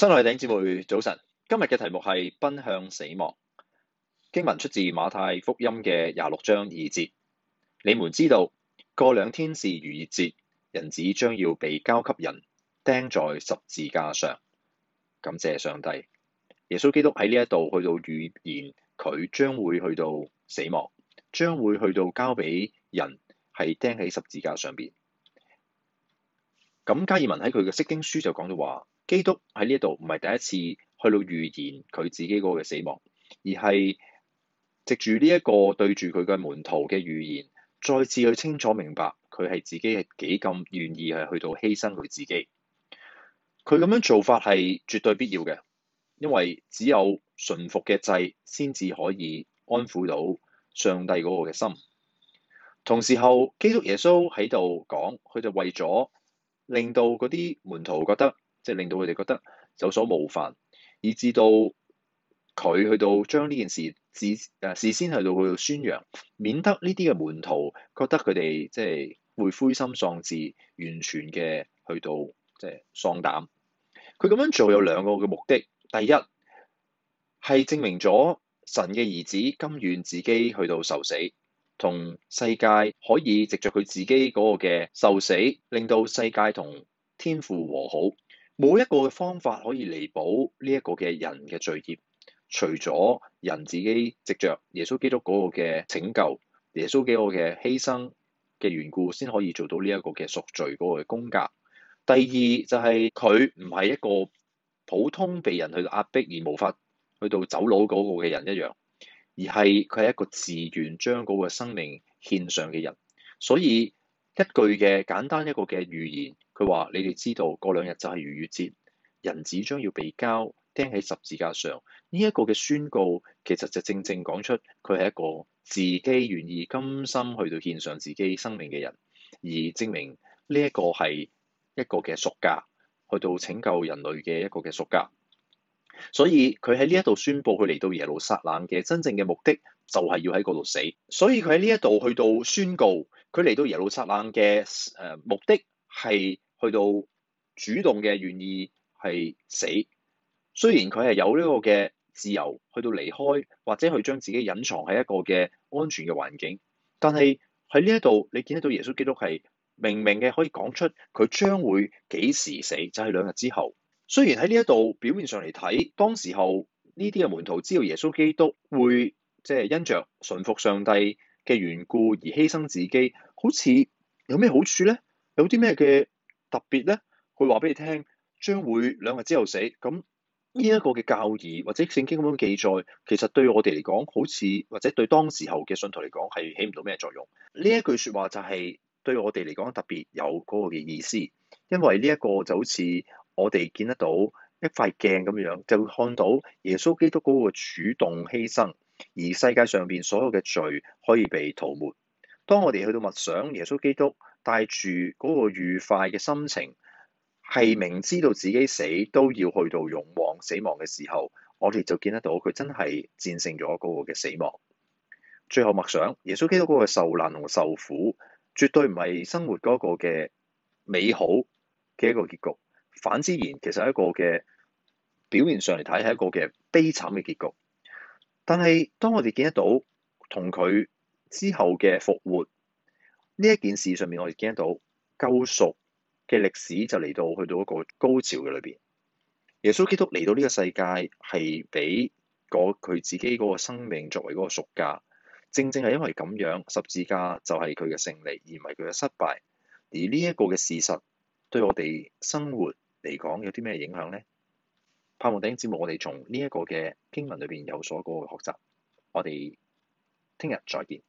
親愛嘅弟兄姊妹，早晨。今日嘅題目係奔向死亡。經文出自馬太福音嘅廿六章二節。你們知道，過兩天是逾越節，人子將要被交給人釘在十字架上。感謝上帝，耶穌基督喺呢一度去到預言，佢將會去到死亡，將會去到交俾人係釘喺十字架上邊。咁加爾文喺佢嘅釋經書就講到話。基督喺呢度唔係第一次去到預言佢自己個嘅死亡，而係藉住呢一個對住佢嘅門徒嘅預言，再次去清楚明白佢係自己係幾咁願意係去到犧牲佢自己。佢咁樣做法係絕對必要嘅，因為只有順服嘅祭先至可以安撫到上帝嗰個嘅心。同時後，基督耶穌喺度講，佢就為咗令到嗰啲門徒覺得。即係令到佢哋覺得有所冒犯，以至到佢去到將呢件事事誒事先去到佢度宣揚，免得呢啲嘅門徒覺得佢哋即係會灰心喪志，完全嘅去到即係喪膽，佢咁樣做有兩個嘅目的，第一係證明咗神嘅兒子甘願自己去到受死，同世界可以藉着佢自己嗰個嘅受死，令到世界同天父和好。冇一個嘅方法可以彌補呢一個嘅人嘅罪孽，除咗人自己藉著耶穌基督嗰個嘅拯救，耶穌基督個嘅犧牲嘅緣故，先可以做到呢一個嘅贖罪嗰個嘅功格。第二就係佢唔係一個普通被人去壓迫而無法去到走佬嗰個嘅人一樣，而係佢係一個自願將嗰個生命獻上嘅人，所以，一句嘅簡單一個嘅預言，佢話你哋知道，過兩日就係逾越節，人子將要被交釘喺十字架上。呢、這、一個嘅宣告，其實就正正講出佢係一個自己願意甘心去到獻上自己生命嘅人，而證明呢一個係一個嘅贖價，去到拯救人類嘅一個嘅贖價。所以佢喺呢一度宣布佢嚟到耶路撒冷嘅真正嘅目的就係要喺嗰度死。所以佢喺呢一度去到宣告，佢嚟到耶路撒冷嘅誒目的係去到主動嘅願意係死。雖然佢係有呢個嘅自由去到離開，或者去將自己隱藏喺一個嘅安全嘅環境，但係喺呢一度你見得到耶穌基督係明明嘅可以講出佢將會幾時死，就係兩日之後。雖然喺呢一度表面上嚟睇，當時候呢啲嘅門徒知道耶穌基督會即係因着順服上帝嘅緣故而犧牲自己，好似有咩好處咧？有啲咩嘅特別咧？佢話俾你聽，將會兩日之後死。咁呢一個嘅教義或者聖經咁樣記載，其實對我哋嚟講好似或者對當時候嘅信徒嚟講係起唔到咩作用。呢一句説話就係對我哋嚟講特別有嗰個嘅意思，因為呢一個就好似。我哋見得到一塊鏡咁樣，就會看到耶穌基督嗰個主動犧牲，而世界上邊所有嘅罪可以被塗抹。當我哋去到默想耶穌基督帶住嗰個愉快嘅心情，係明知道自己死都要去到勇往死亡嘅時候，我哋就見得到佢真係戰勝咗嗰個嘅死亡。最後默想耶穌基督嗰個受難同受苦，絕對唔係生活嗰個嘅美好嘅一個結局。反之言，其實，係一個嘅表面上嚟睇，係一個嘅悲慘嘅結局。但係當我哋見得到同佢之後嘅復活呢一件事上面我，我哋見得到救贖嘅歷史就嚟到去到一個高潮嘅裏邊。耶穌基督嚟到呢個世界係俾佢自己嗰個生命作為嗰個贖價，正正係因為咁樣，十字架就係佢嘅勝利，而唔係佢嘅失敗，而呢一個嘅事實對我哋生活嚟講有啲咩影響咧？盼望弟兄姊妹我哋從呢一個嘅經文裏邊有所個學習。我哋聽日再見。